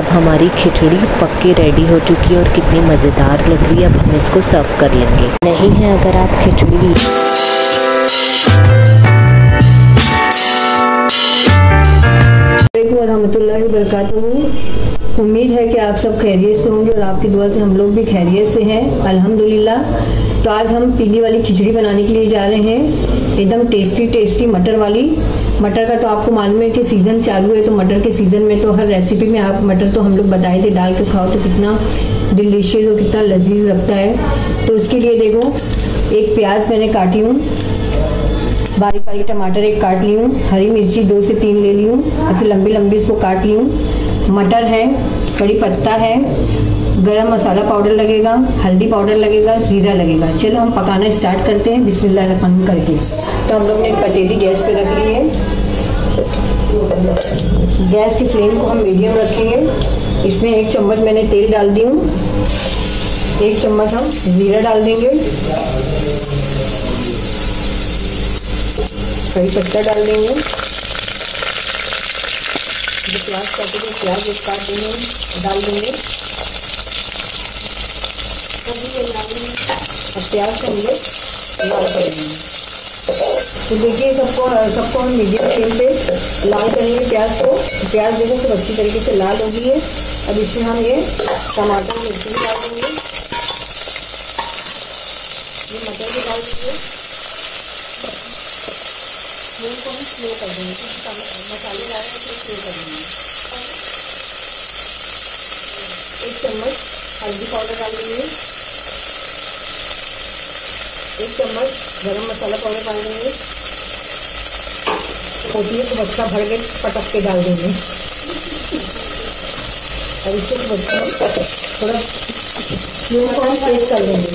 अब हमारी खिचड़ी पक रेडी हो चुकी है और कितनी मज़ेदार लग रही है अब हम इसको सर्व कर लेंगे नहीं है अगर आप खिचड़ी उम्मीद है कि आप सब खैरियत से होंगे और आपकी दुआ से हम लोग भी खैरियत से हैं अल्हम्दुलिल्लाह तो आज हम पीली वाली खिचड़ी बनाने के लिए जा रहे हैं एकदम टेस्टी टेस्टी मटर वाली मटर का तो आपको मालूम है कि सीज़न चालू है तो मटर के सीज़न में तो हर रेसिपी में आप मटर तो हम लोग बताए थे डाल के खाओ तो कितना डिलीशियस और कितना लजीज लगता है तो उसके लिए देखो एक प्याज मैंने काटी हूँ बारीक बारीक टमाटर एक काट ली हूँ हरी मिर्ची दो से तीन ले ली हूँ ऐसे लंबी लंबी इसको काट ली हूँ मटर है कड़ी पत्ता है गरम मसाला पाउडर लगेगा हल्दी पाउडर लगेगा जीरा लगेगा चलो हम पकाना स्टार्ट करते हैं बिस्मिल्लाह रहमान करके तो हम लोग ने पतीली गैस पे रख ली है गैस की फ्लेम को हम मीडियम रखेंगे इसमें एक चम्मच मैंने तेल डाल दी हूँ एक चम्मच हम जीरा डाल देंगे कड़ी पत्ता डाल देंगे जो प्याज काटे थे प्याज एक काट देंगे डाल देंगे सब्जी के और प्याज को हम लोग लाल करेंगे तो देखिए सबको सबको हम मीडियम फ्लेम पे लाल करेंगे प्याज को प्याज देखो सब अच्छी तरीके से लाल हो गई है अब इसमें हम ये टमाटर मिर्ची डाल देंगे ये मटर भी डाल देंगे फ्लेम को हम स्लो कर देंगे क्योंकि मसाले डाल रहे हैं तो स्लो कर देंगे एक चम्मच हल्दी पाउडर डाल देंगे एक चम्मच गरम मसाला पाउडर डाल देंगे होती है बच्चा भर के पटक के डाल देंगे और इसको बच्चा थोड़ा फ्लेम को हम तेज कर देंगे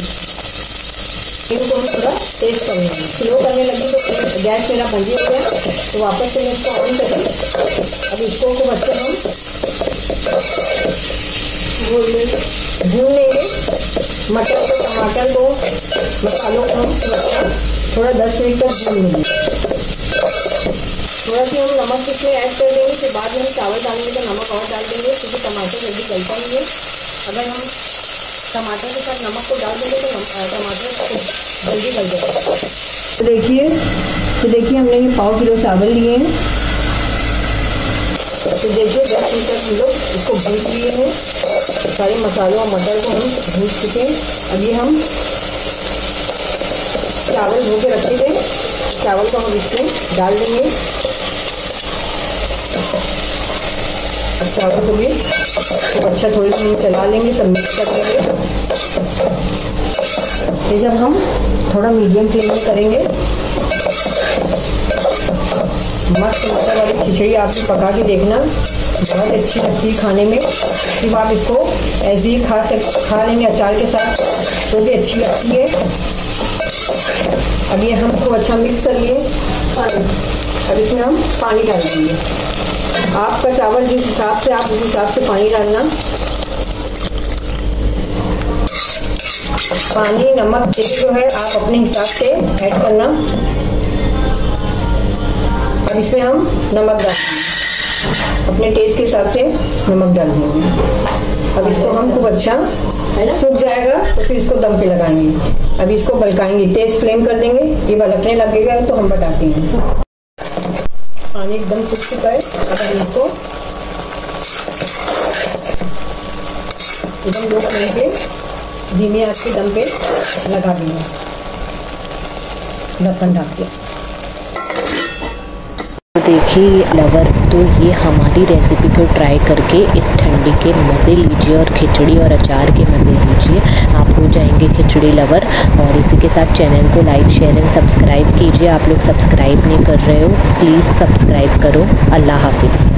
इनको हम थोड़ा तेज कर लेंगे स्लो करने लगे तो गैस मेरा बंद हो गया तो वापस से मैं इसको ऑन कर लेंगे अब इसको को बच्चे हम भून लेंगे मटर को टमाटर को मसालों को हम थोड़ा थोड़ा दस मिनट तक भून लेंगे थोड़ा सी हम नमक इसमें ऐड कर देंगे फिर बाद में हम चावल डालेंगे तो नमक और डाल देंगे क्योंकि टमाटर जल्दी गलता नहीं है अगर हम टमाटर के साथ नमक को डाल देंगे तो टमाटर जल्दी गल जाएगा तो देखिए तो देखिए हमने ये पाव किलो चावल लिए हैं तो देखिए दस लीटर किलो इसको भूज लिए हैं सारे मसालों और मटर को हम भूज चुके हैं अभी हम चावल धो के रखे थे चावल को हम इसमें डाल देंगे चाकू से तो अच्छा थोड़ी देर चला लेंगे सब मिक्स कर लेंगे ये जब हम थोड़ा मीडियम फ्लेम में करेंगे मस्त मटर वाली खिचड़ी आप भी पका के देखना बहुत अच्छी लगती है खाने में फिर आप इसको ऐसे ही खा सक खा लेंगे अचार के साथ तो भी अच्छी लगती है अब ये हमको अच्छा मिक्स कर लिए अब इसमें हम पानी डाल देंगे आपका चावल जिस हिसाब से आप उस हिसाब से पानी डालना पानी नमक ये जो है आप अपने हिसाब से ऐड करना अब इसमें हम नमक डालेंगे अपने टेस्ट के हिसाब से नमक डाल देंगे अब इसको हम खूब अच्छा सूख जाएगा तो फिर इसको दम पे लगाएंगे अब इसको बलकाएंगे टेस्ट फ्लेम कर देंगे ये बलकने लगेगा तो हम बताते हैं पानी एकदम सूख चुका है अब हम इसको एकदम लो फ्लेम पे धीमे आँच के दम पे लगा देंगे ढक्कन ढक के तो देखिए लवर तो ये हमारी रेसिपी को ट्राई करके इस ठंडी के मज़े लीजिए और खिचड़ी और अचार के मज़े लीजिए आप हो जाएंगे खिचड़ी लवर और इसी के साथ चैनल को लाइक शेयर एंड सब्सक्राइब कीजिए आप लोग सब्सक्राइब नहीं कर रहे हो प्लीज़ सब्सक्राइब करो अल्लाह हाफिज़